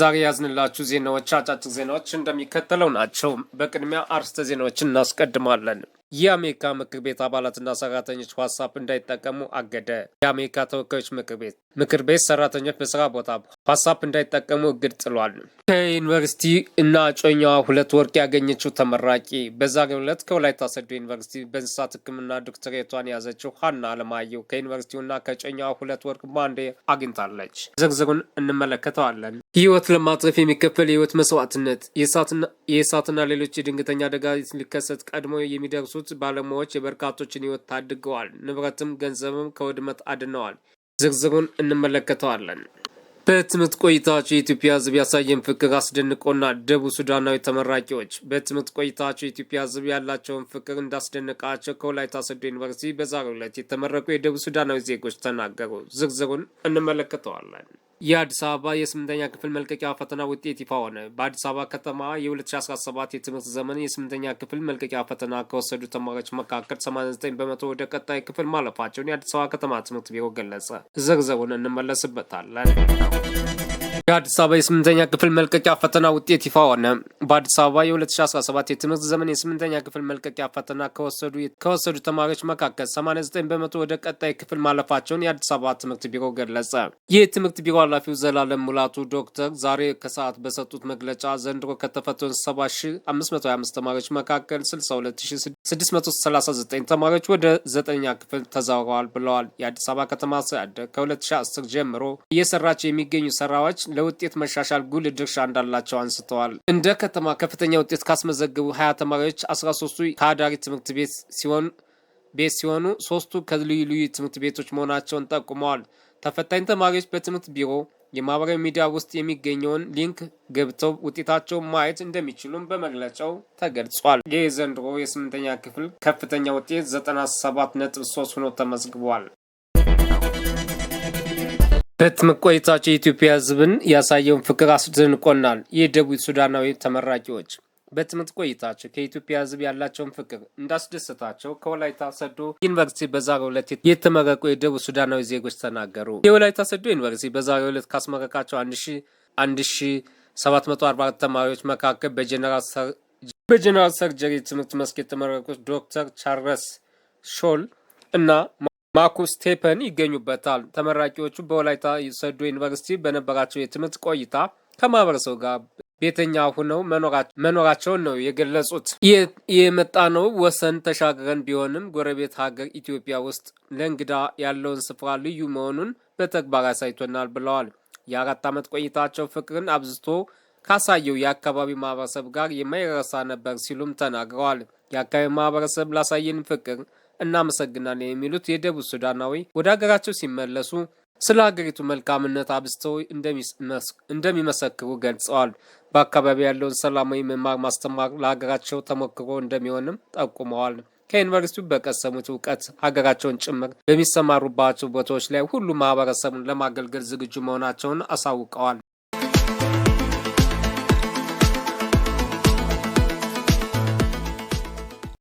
ዛሬ ያዝንላችሁ ዜናዎች አጫጭር ዜናዎች እንደሚከተለው ናቸው። በቅድሚያ አርስተ ዜናዎችን እናስቀድማለን። የአሜሪካ ምክር ቤት አባላትና ሰራተኞች ዋትሳፕ እንዳይጠቀሙ አገደ። የአሜሪካ ተወካዮች ምክር ቤት ምክር ቤት ሰራተኞች በስራ ቦታ ዋትስአፕ እንዳይጠቀሙ እግድ ጥሏል። ከዩኒቨርሲቲ እና እጮኛዋ ሁለት ወርቅ ያገኘችው ተመራቂ በዛሬው ዕለት ከወላይታ ሶዶ ዩኒቨርሲቲ በእንስሳት ሕክምና ዶክትሬቷን የያዘችው ሀና አለማየሁ ከዩኒቨርሲቲውና ከእጮኛዋ ሁለት ወርቅ በአንዴ አግኝታለች። ዝርዝሩን እንመለከተዋለን። ህይወት ለማትረፍ የሚከፈል የህይወት መስዋዕትነት የእሳትና ሌሎች የድንገተኛ አደጋ ሊከሰት ቀድሞ የሚደርሱት ባለሙያዎች የበርካቶችን ህይወት ታድገዋል። ንብረትም ገንዘብም ከውድመት አድነዋል። ዝርዝሩን እንመለከተዋለን። በትምህርት ቆይታቸው የኢትዮጵያ ሕዝብ ያሳየን ፍቅር አስደንቆና ደቡብ ሱዳናዊ ተመራቂዎች በትምህርት ቆይታቸው የኢትዮጵያ ሕዝብ ያላቸውን ፍቅር እንዳስደንቃቸው ከወላይታ ሶዶ ዩኒቨርሲቲ በዛሬው ዕለት የተመረቁ የደቡብ ሱዳናዊ ዜጎች ተናገሩ። ዝርዝሩን እንመለከተዋለን። የአዲስ አበባ የስምንተኛ ክፍል መልቀቂያ ፈተና ውጤት ይፋ ሆነ። በአዲስ አበባ ከተማ የ2017 የትምህርት ዘመን የስምንተኛ ክፍል መልቀቂያ ፈተና ከወሰዱ ተማሪዎች መካከል 89 በመቶ ወደ ቀጣይ ክፍል ማለፋቸውን የአዲስ አበባ ከተማ ትምህርት ቢሮ ገለጸ። ዝርዝሩን እንመለስበታለን። የአዲስ አበባ የስምንተኛ ክፍል መልቀቂያ ፈተና ውጤት ይፋ ሆነ። በአዲስ አበባ የ2017 የትምህርት ዘመን የስምንተኛ ክፍል መልቀቂያ ፈተና ከወሰዱ ተማሪዎች መካከል 89 በመቶ ወደ ቀጣይ ክፍል ማለፋቸውን የአዲስ አበባ ትምህርት ቢሮ ገለጸ። ይህ ትምህርት ቢሮ ኃላፊው ዘላለም ሙላቱ ዶክተር ዛሬ ከሰዓት በሰጡት መግለጫ ዘንድሮ ከተፈተኑ 7525 ተማሪዎች መካከል 62639 ተማሪዎች ወደ ዘጠኛ ክፍል ተዛውረዋል ብለዋል። የአዲስ አበባ ከተማ አስተዳደር ከ2010 ጀምሮ እየሰራቸው የሚገኙ ስራዎች ለውጤት መሻሻል ጉል ድርሻ እንዳላቸው አንስተዋል። እንደ ከተማ ከፍተኛ ውጤት ካስመዘግቡ 20 ተማሪዎች 13ቱ ከአዳሪ ትምህርት ቤት ሲሆኑ ቤት ሲሆኑ ሶስቱ ከልዩ ልዩ ትምህርት ቤቶች መሆናቸውን ጠቁመዋል። ተፈታኝ ተማሪዎች በትምህርት ቢሮ የማህበራዊ ሚዲያ ውስጥ የሚገኘውን ሊንክ ገብተው ውጤታቸውን ማየት እንደሚችሉም በመግለጫው ተገልጿል። የዘንድሮ የስምንተኛ ክፍል ከፍተኛ ውጤት ነጥ3 ሆኖ ተመዝግቧል። በትምህርት ቆይታቸው የኢትዮጵያ ሕዝብን ያሳየውን ፍቅር አስደንቆናል። የደቡብ ሱዳናዊ ተመራቂዎች በትምህርት ቆይታቸው ከኢትዮጵያ ሕዝብ ያላቸውን ፍቅር እንዳስደሰታቸው ከወላይታ ሰዶ ዩኒቨርሲቲ በዛሬው ዕለት የተመረቁ የደቡብ ሱዳናዊ ዜጎች ተናገሩ። የወላይታ ሰዶ ዩኒቨርሲቲ በዛሬው ዕለት ካስመረቃቸው 1744 ተማሪዎች መካከል በጀነራል ሰርጀሪ ትምህርት መስክ የተመረቁት ዶክተር ቻርለስ ሾል እና ማርኩስ ስቴፐን ይገኙበታል። ተመራቂዎቹ በወላይታ ሰዶ ዩኒቨርሲቲ በነበራቸው የትምህርት ቆይታ ከማህበረሰቡ ጋር ቤተኛ ሁነው መኖራቸውን ነው የገለጹት። የመጣ ነው ወሰን ተሻግረን ቢሆንም ጎረቤት ሀገር ኢትዮጵያ ውስጥ ለእንግዳ ያለውን ስፍራ ልዩ መሆኑን በተግባር አሳይቶናል ብለዋል። የአራት ዓመት ቆይታቸው ፍቅርን አብዝቶ ካሳየው የአካባቢ ማህበረሰብ ጋር የማይረሳ ነበር ሲሉም ተናግረዋል። የአካባቢ ማህበረሰብ ላሳየን ፍቅር እናመሰግናለን የሚሉት የደቡብ ሱዳናዊ ወደ ሀገራቸው ሲመለሱ ስለ ሀገሪቱ መልካምነት አብዝተው እንደሚመሰክሩ ገልጸዋል። በአካባቢው ያለውን ሰላማዊ መማር ማስተማር ለሀገራቸው ተሞክሮ እንደሚሆንም ጠቁመዋል። ከዩኒቨርሲቲው በቀሰሙት እውቀት ሀገራቸውን ጭምር በሚሰማሩባቸው ቦታዎች ላይ ሁሉ ማህበረሰቡን ለማገልገል ዝግጁ መሆናቸውን አሳውቀዋል።